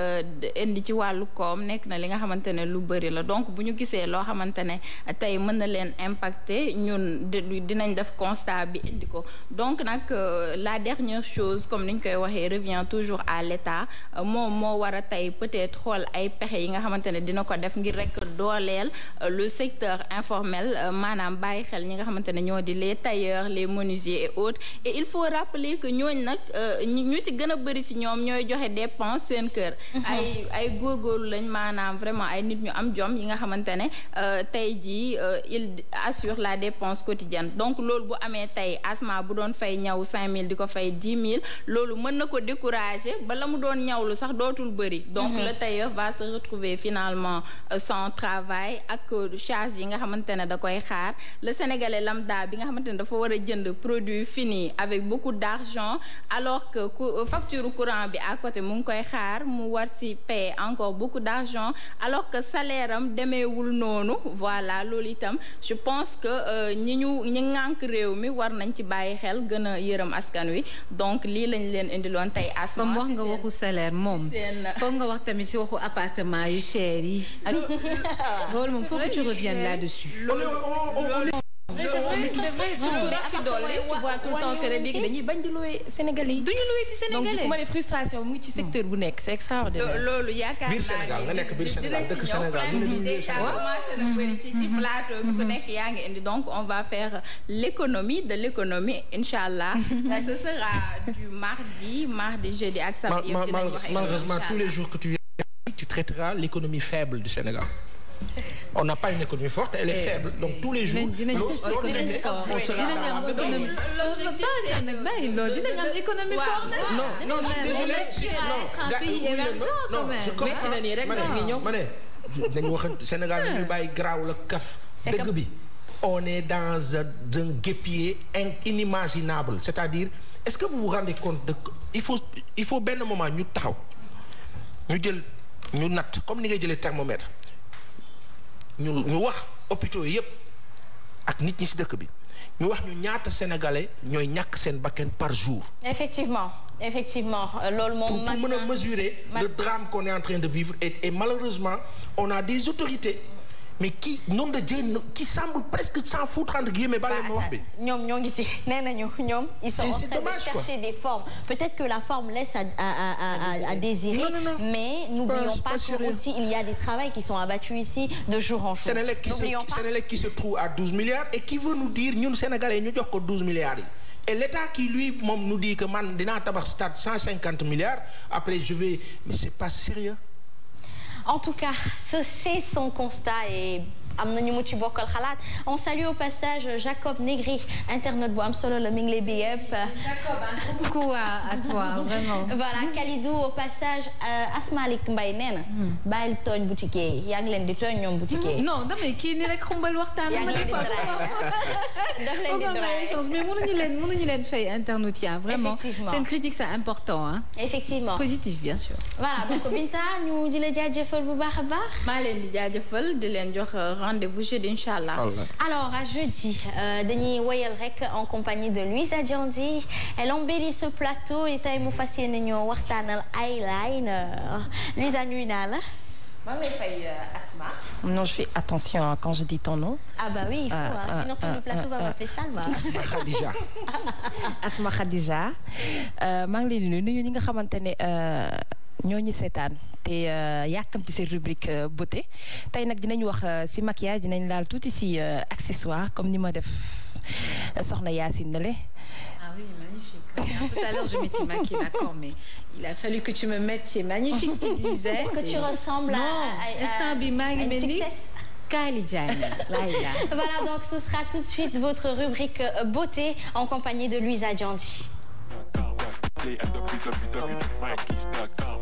Euh, indi ci wàllu koom nekk na li nga xamante ne lu bari la donc bu ñu gisee loo xamante ne tey mën na leen impacter ñun dinañ def constat bi indi ko donc nag euh, la dernière chose comme ni ñu koy waxee revient toujours à l'État euh, moom moo war a tey peut-être xool ay pexe yi nga xamante ne dina ko def ngir rek dooleel le secteur informel maanaam bàyyi xel ñi nga xamante ne ñoo di les tailleurs les menuisiers et autres et il faut rappeler que ñooñ nag ñu ci gën a bëri ci ñoom ñooy joxe ay ay góorgóorlu lañ maanaam vraiment ay nit ñu am jom yi nga xamante ne euh, tey jii euh, il assure la dépense quotidienne donc loolu bu amee tey asma bu doon fay ñaw cinq mille di ko fay dix mille loolu mën na ko décourager bala la mu doon ñawlu sax dootul bëri donc mhm. le tailleur va se retrouver finalement euh, sans travail ak charge yi nga xamante ne da koy xaar le sénégalais lambda bi nga xamante ne dafa war a jënd produit fini avec beaucoup d'argent alors que facture courant bi à côté mu ngi koy xaar war si payer encore beaucoup d'argent alors que saleeram am demeewul noonu voilà loolu itam je pense que euh, ñi ñu ñi ŋànk réew mi war nañ ci bàyyi xel gën a yërëm askan wi donc lii lañ leen indiloon tey asma comme wax nga waxu salaire moom foog nga wax tamit si waxu appartement yu cher yi loolu moom faut que tu reviennes là-dessus vrai c'est vrai c'est vrai surtout rax ci que léegi dañuy bañ di louer sénégalais yi. duñu louer ci sénégalais donc bu ma ne frustration mu ngi ci secteur bu nekk c'est extraordinaire. loolu yaakaar naa ne dinañ ci ñëw mm-hmm. plan bi mm-hmm. yaa ngi indi donc on va faire l'économie de l'économie incha allah. Mm-hmm. ce sera du mardi mardi jeudi ak samedi yëpp dinañ tous les jours que tu traiteras l'économie faible du Sénégal. on n'a pas une économie forte elle est faible donc tous les jours. on sera non non non dañu wax Sénégal dañuy bàyyi garaaw la kaf. dëgg bi on est dans un guépier inimaginable c'est-à-dire est-ce que vous vous rendez compte il faut benn moment ñu taxaw jël ñu natt comme ni ngay jëlee thermomètre. ñu ñu wax hôpitaux yépp ak nit ñi ci dëkk bi ñu wax ñu ñaata sénégalais ñooy ñàkk seen bakkan par jour. effectivement effectivement euh, loolu moom. pour mën a mesurer le drame qu'on est en train de vivre et, et malheureusement on a des autorités. mais qui nom de Dieu qui semble presque s'en foutre entre guillemets bale ma wax bi ñoom ñoo ngi ci nee nañu ñoom ils sont en chercher des formes peut-être que la forme laisse à à à désirer mais n'oublions pas que il y a des travails qui sont abattus ici de jour en jour n'oublions pas Sénélec qui se trouve à milliards et qui veut nous dire ñun sénégalais ñu jox ko 12 milliards yi et l'État qui lui moom nous dit que man dinaa tabax stade 150 milliards après je vais mais c'est pas sérieux En tout cas, ceci, son constat est am na ñu mu ci bokkal xalaat on salue au passage Jacob Negri internaute bu am solo la mi ngi lay béy yëpp. Jacob ah coucou à toi vraiment. voilà Kalidou au passage euh, Asmalik Mbaye nee na. Hmm. bàyyil tooñ boutique yi yaa ngi leen di tooñ ñoom boutique yi. non damay kii nii rek xumbal waxtaan. yaa ngi leen di draay daf leen di draay leen mënuñu leen fay internaute ya vraiment seen critique c'est important ah. effectivement positif bien sûr. voilà donc Binta di la jaajëfal bu baax a di jaajëfal di leen jox. Euh, rendez-vous jeudi incha allah. alors à dañuy euh, woyal rek en compagnie de Louise Adjandi elle embellit ce plateau et tey mu fas yéene ñoo waxtaanal eyeliner Louise nuyu naa la. maa ngi lay fay euh, Asma. non je fais attention quand je dis ton nom. ah oui ah, ah, sinon tout le ah, plateau ah, va Salma. Asma Khadija. Asma Khadija euh, maa ngi leen di nga xamante ñoo ñu seetaan te euh, yàkkamti se rubrique euh, beauté tey nag dinañ wax euh, si maquillage dinañ laal tuuti si accessoire comme ni ma def soxna Yacine Ndele. ah oui magnifique. tout à l'heure je m'étais maquillée d'accord mais il a fallu que tu me mettes ces magnifiques petites que tu ressembles à bi maa ngi mel ni Kylie Jenner voilà donc ce sera tout de suite votre rubrique beauté en compagnie de Louisa Diandi. play at www.mikeys.com.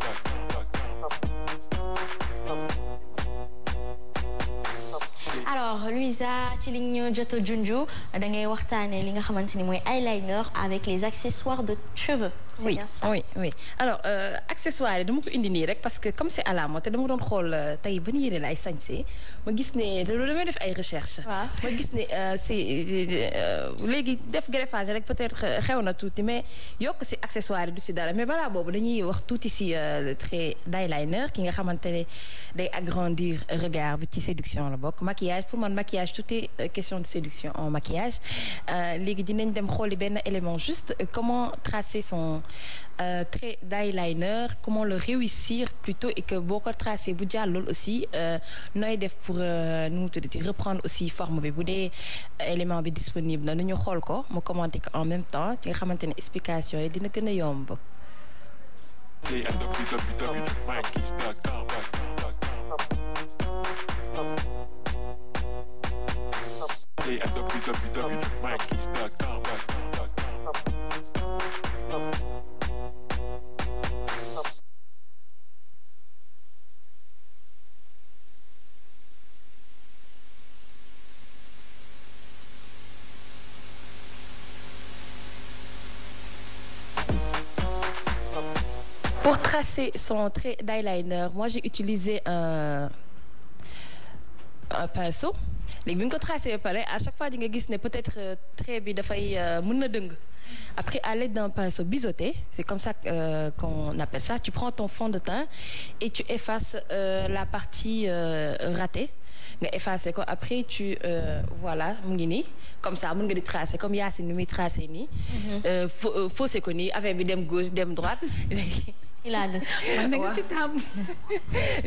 ci li ñu jot a junju da ngay waxtaanee li nga xamante ni mooy eyeliner avec les accessoires de cheveux. c'est bien ça oui oui alors euh, accessoire yi indi nii rek parce que comme c'est à la mode te dama doon xool euh, tey ban yére laay sañsee ma gis ne te loolu damay def ay recherche ma gis ne euh, si léegi def greffage rek peut-être xew na tuuti mais yokk si accessoire du si dara mais bala boobu dañuy wax tuuti si trait d'eyeliner ki nga xamante ne day agrandir regard bi ci séduction la bokk maquillage pour man maquillage tout est question de séduction en maquillage léegi dinañ dem xooli benn élément juste comment tracer euh, trait d'eyeliner comment le réussir plutôt et que boo ko tracé bu jàllul aussi nooy def pour nu mu tuddati reprendre aussi forme bi bu dee élément bi disponible na nu ñu xool ko mu commenter ko en même temps ci nga xamante ne explication yi dina gën a yomb. Pour tracer son trait d'eyeliner, j'ai utilisé un pinceau. léegi bi ñu ko tracé ba pare à chaque fois di gis ne peut-être euh, trait bi dafay euh, mën na dëng après à l'aide d'un pinceau biseauté c'est comme ça euh, qu'on appelle ça tu prends ton fond de temps et tu effaces euh, la partie euh, ratée nga effacé ko après tu euh, voilà mu ngi nii comme ça mën nga di tracé comme Yacine ni muy tracé nii mm-hmm. faussé ko ni affaire bi dem gauche dem droite Ilada nga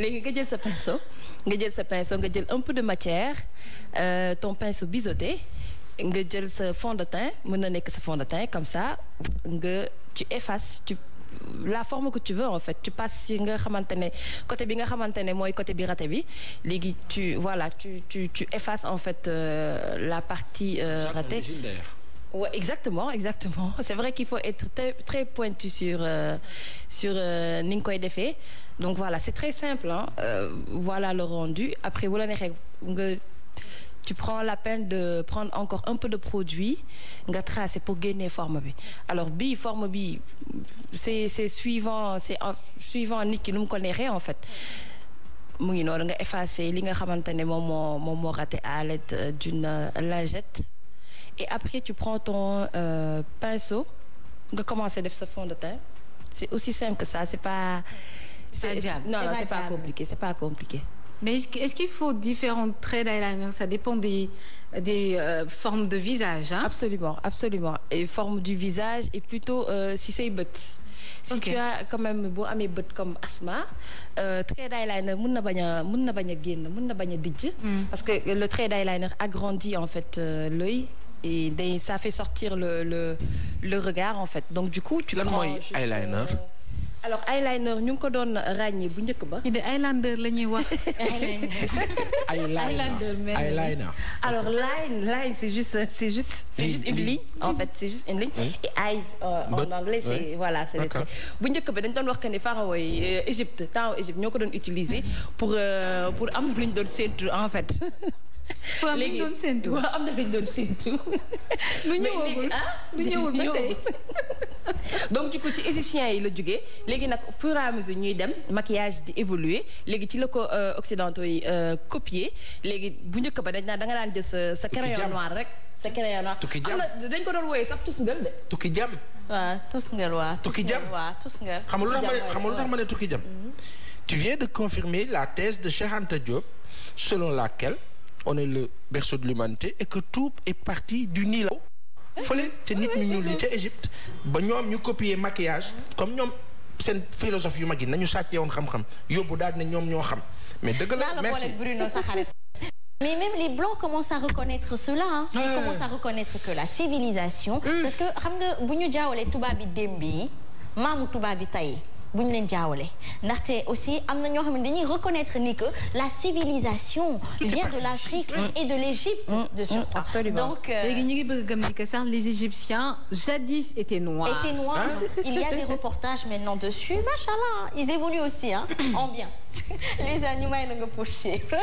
léegi nga jël sa pinceau nga jël sa pinceau nga jël un peu de matière euh, ton pinceau biseauté nga jël sa fond de teint mën na nekk sa fond de teint comme ça nga tu effaces tu la forme que tu veux en fait tu passes si nga xamante ne côté bi nga xamante ne mooy côté bi rate bi léegi tu voilà tu tu tu effaces en fait euh, la partie euh, ratée. Ouais, exactement exactement c'est vrai qu'il faut être très, très pointu sur euh, euh ni ngi koy defee donc voilà c'est très simple hein euh, voilà le rendu après bu la neexee nga tu prends la peine de prendre encore un peu de produit nga tracer pour génne forme bi alors bii forme bi c'est c'est suivant c'est suivant nit ki nu ko neexee en fait mu ngi noonu nga effacer li nga xamante ne moom moo moom moo raté à l'aide euh, d'une lingette et après tu prends ton euh, pinceau nga commencer def sa fond de teint c'est aussi simple que ça c'est pas c'est non non c'est pas compliqué c'est pas compliqué mais est-ce qu'il faut différents traits d'eyeliner ça dépend des euh, formes de visage hein absolument absolument et forme du visage et plutôt euh, si say bët si okay. tu as quand même boo amee bët comme asthma euh, trait d'eyeliner mun na bañ a mun na bañ a génn mun na bañ a dijj hmm. parce que le trait d'eyeliner agrandit en fait euh, l'œil et day ça fait sortir le le le regard en fait donc du coup. tu lan mooy eyeliner. Euh, alors eyeliner ñu ngi ko doon ràññee bu njëkk ba. ñu de eyeliner la ñuy wax. eyeliner eyeliner alors line line c'est juste c'est juste c'est juste une ligne en fait c'est juste une ligne. et eyes euh, en anglais c'est voilà c'est les bu njëkk ba dañ doon wax que ne pharaon yi euh, Égypte temps Égypte ñoo ko doon utiliser pour pour am lu ñu doon séntu en fait. waaw mi doon séntu waaw am na lu ñu doon séntu. lu ñëwagul ba tey donc du ci égyptiens yi la jógee léegi nag fur et ñuy dem maquillage di évoluer léegi ci la ko euh, occidentaux yi euh, copier léegi bu njëkk ba dañ naan da nga daan jël sa sa crayon noir rek. sa crayon noir tukki jàmm am na dañ ko doon wooyee sax tusngal de. tukki jàmm. waaw tusngal waaw. tukki jàmm waaw tusngal. xam nga lu tax ma ne tukki jàmm. Mhm. tu viens de confirmer la thèse de Cheikh Anta Diop selon laquelle on est le berceau de l'humanité et que tout est parti du Nil fële ca nit ñu ñuul ñi Égypte ba ñoom ñu copier maquillage comme ñoom seen philosophe yu mag yi nañu sàccee woon xam-xam yóbbu daal ne ñoom ñoo xam mais dëgg la merci mais même les blancs commencent à reconnaître cela hein. Ils mmh. commencent à reconnaître que la civilisation. Mmh. parce que xam nga bu ñu jaawalee tubaab bi démb yi maamu tubaab bi tey. bu ñu leen jaawale ndaxte aussi am na ñoo xam ne dañuy reconnaître ni que la civilisation vient de l'Afrique mm. et de l'Égypte mm, mm, donc euh, ñu ngi bëgg gëm ni que sax les Égyptiens jadis étaient noirs étaient noirs il y a des reportages maintenant dessus machallah ils évoluent aussi en bien Lisa ñu may na nga poursuivre.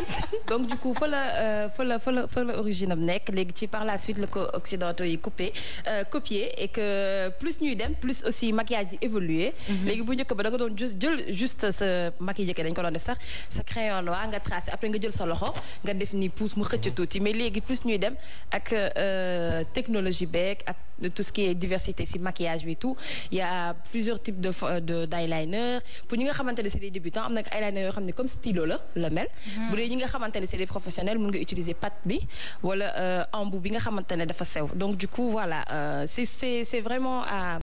donc du coup fa la euh, fa la fa la origine am nekk léegi ci par la suite la ko occidentaux yi coupé euh, copier et que plus ñuy dem plus aussi maquillage di évoluer mhm. léegi bu njëkk ba da nga doon jël juste sa maquillage dañ ko doon def sax sa crayon noir nga tracé après nga jël sa loxo nga def ni pouce mu xëcc tuuti mais léegi plus ñuy dem ak euh, technologie beeg ak. de tout ce qui est diversité si maquillage bi tout il y plusieurs types de de pour ñi nga xamante ne c'est des débutants am na eyeliner yoo xam ne comme stylo la la mel. Mm-hmm. bu dee ñi nga xamante ne c'est des professionnels mun nga utiliser pâte bi wala euh, embout bi nga xamante ne dafa sew donc du coup voilà euh, c'est c'est vraiment à